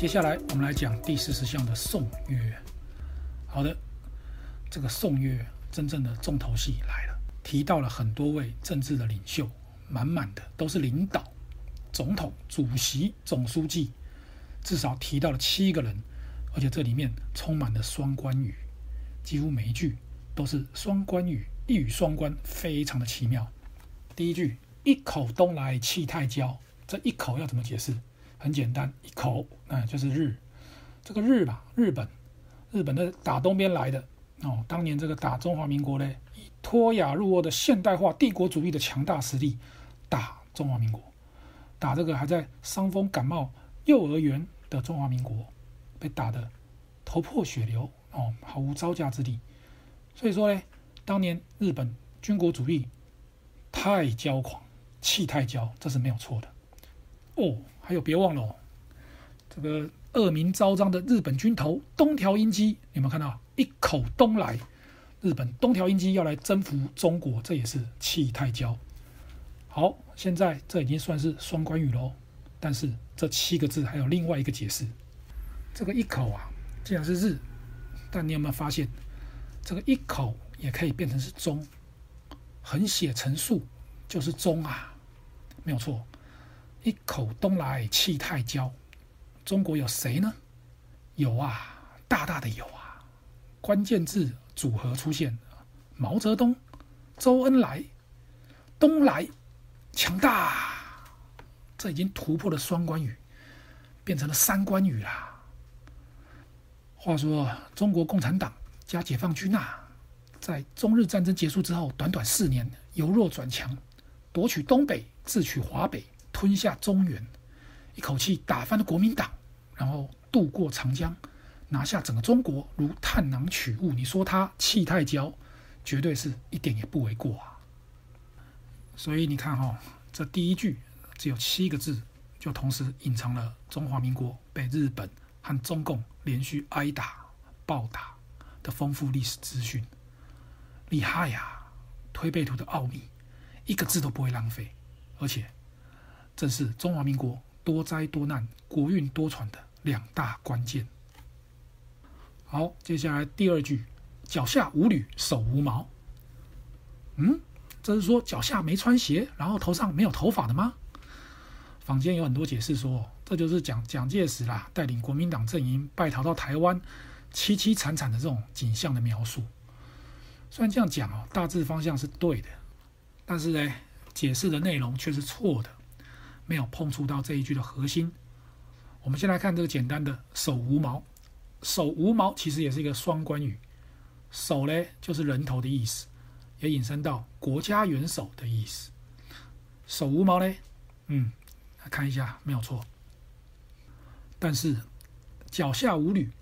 接下來我們來講第四十象的頌曰。好的，這個頌曰真正的重頭戲來了，提到了很多位政治的領袖，滿滿的都是領導、總統、主席、總書記，至少提到了七個人，而且這裡面充滿了雙關語，幾乎每一句都是雙關語，一語雙關，非常的奇妙。第一句“一口東來氣太驕”，這一口要怎麼解釋？很簡單，一口、哎、就是日，這個日吧，日本，日本的打東邊來的哦，當年這個打中華民國呢，以脫亞入歐的現代化帝國主義的強大實力，打中華民國，打這個還在傷風感冒幼兒園的中華民國，被打得頭破血流哦，毫無招架之力。所以說呢，當年日本軍國主義太驕狂，氣太驕，這是沒有錯的哦。還有別忘了、哦，這個惡名昭彰的日本軍頭東條英機，你有沒有看到？一口東來，日本東條英機要來征服中國，這也是氣太驕。好，現在這已經算是雙關語嘍。但是這七個字還有另外一個解釋，這個一口啊，既然是日，但你有沒有發現，這個一口也可以變成是中，橫寫成豎就是中啊，沒有錯。一口東來氣太驕，中國有誰呢？有啊，大大的有啊！關鍵字組合出現：毛澤東、周恩來、東來，強大！這已經突破了雙關語，變成了三關語啦、啊。話說，中國共產黨加解放軍啊，在中日戰爭結束之後，短短四年由弱轉強，奪取東北，自取華北。吞下中原，一口氣打翻了國民黨，然後渡過長江，拿下整個中國，如探囊取物。你說他氣太驕，絕對是一點也不為過啊！所以你看、哦，哈，這第一句只有七個字，就同時隱藏了中華民國被日本和中共連續挨打、暴打的豐富歷史資訊。厲害呀、啊、推背圖的奧秘，一個字都不會浪費，而且。這是中華民國多災多難、國運多舛的兩大關鍵。好，接下來第二句：“腳下無履，首無毛。”嗯，這是說腳下沒穿鞋，然後頭上沒有頭髮的嗎？坊間有很多解釋說，這就是蔣蔣介石啦帶領國民黨陣營敗逃到台灣，淒淒慘慘的這種景象的描述。雖然這樣講哦，大致方向是對的，但是呢，解釋的內容卻是錯的。沒有碰觸到這一句的核心。我們先來看這個簡單的“首無毛”，“首無毛”其實也是一個雙關語，“首”呢就是人頭的意思，也引申到國家元首的意思。“首無毛”呢，嗯，來看一下沒有錯。但是“腳下無履”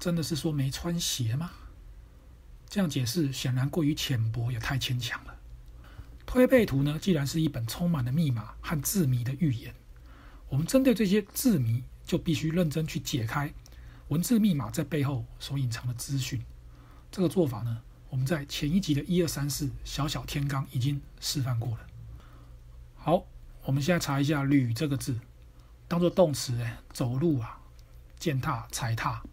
真的是說沒穿鞋嗎？這樣解釋顯然過於淺薄，也太牽強了。推背圖呢，既然是一本充滿了密碼和字謎的預言，我們針對這些字謎就必須認真去解開文字密碼在背後所隱藏的資訊。這個做法呢，我們在前一集的一二三四小小天罡已經示範過了。好，我們現在查一下“履”這個字，當做動詞，哎，走路啊，踐踏、踏、踩踏、踏，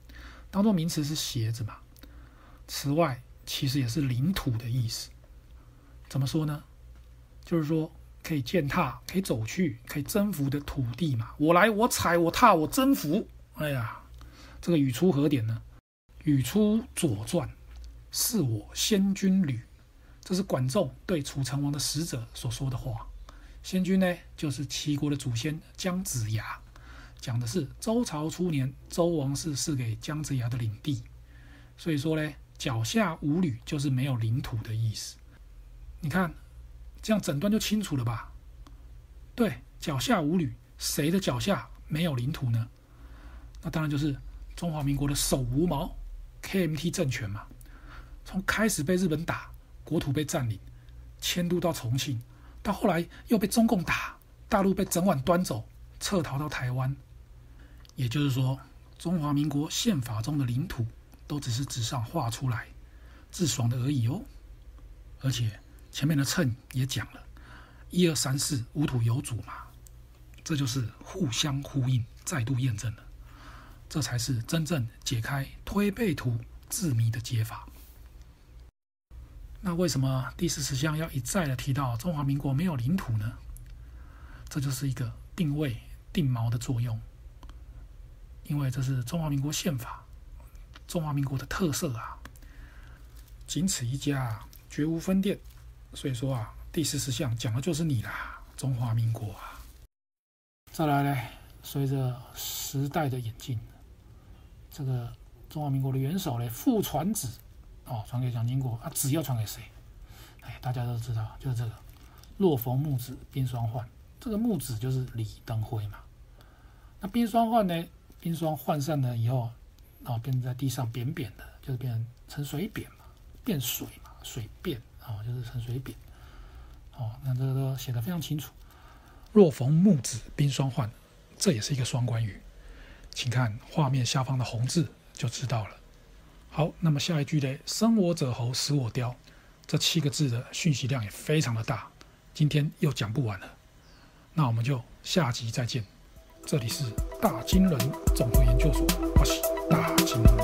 當做名詞是鞋子嘛。此外，其實也是領土的意思。怎麼說呢？就是說，可以踐踏、可以走去、可以征服的土地嘛？我來，我踩，我踏，我征服。哎呀，這個語出何典呢？語出《左傳》，是我先君履，這是管仲對楚成王的使者所說的話。先君呢，就是齊國的祖先姜子牙，講的是周朝初年周王室賜給姜子牙的領地。所以說呢，腳下無履就是沒有領土的意思。你看。這樣診斷就清楚了吧？對，腳下無履，誰的腳下沒有領土呢？那當然就是中華民國的首無毛，KMT 政權嘛。從開始被日本打，國土被占領，遷都到重慶，到後來又被中共打，大陸被整晚端走，撤逃到台灣。也就是說，中華民國憲法中的領土都只是紙上畫出來，自爽的而已哦。而且。前面的讖也講了，一二三四，無土有主嘛，這就是互相呼應，再度驗證了，這才是真正解開推背圖字謎的解法。那為什麼第四十象要一再的提到中華民國沒有領土呢？這就是一個定位定錨的作用，因為這是中華民國憲法，中華民國的特色啊，僅此一家，絕無分店。所以說啊，第四十象講的就是你啦，中華民國啊。再來呢，隨着時代的演進，這個中華民國的元首呢，父傳子，哦，傳給蔣經國，啊，子要傳給誰？哎，大家都知道，就是這個。若逢木子冰霜渙，這個木子就是李登輝嘛。那冰霜渙呢？冰霜渙散了以後，然、哦、後變成在地上扁扁的，就是變成水扁嘛，變水嘛，水變。哦，就是陳水扁。哦，那這個都寫的非常清楚。若逢木子冰霜渙，這也是一個雙關語，請看畫面下方的紅字就知道了。好，那麼下一句呢？生我者猴，死我雕。這七個字的訊息量也非常的大。今天又講不完了，那我們就下集再見。這裡是大金人總族研究所，我是大金人。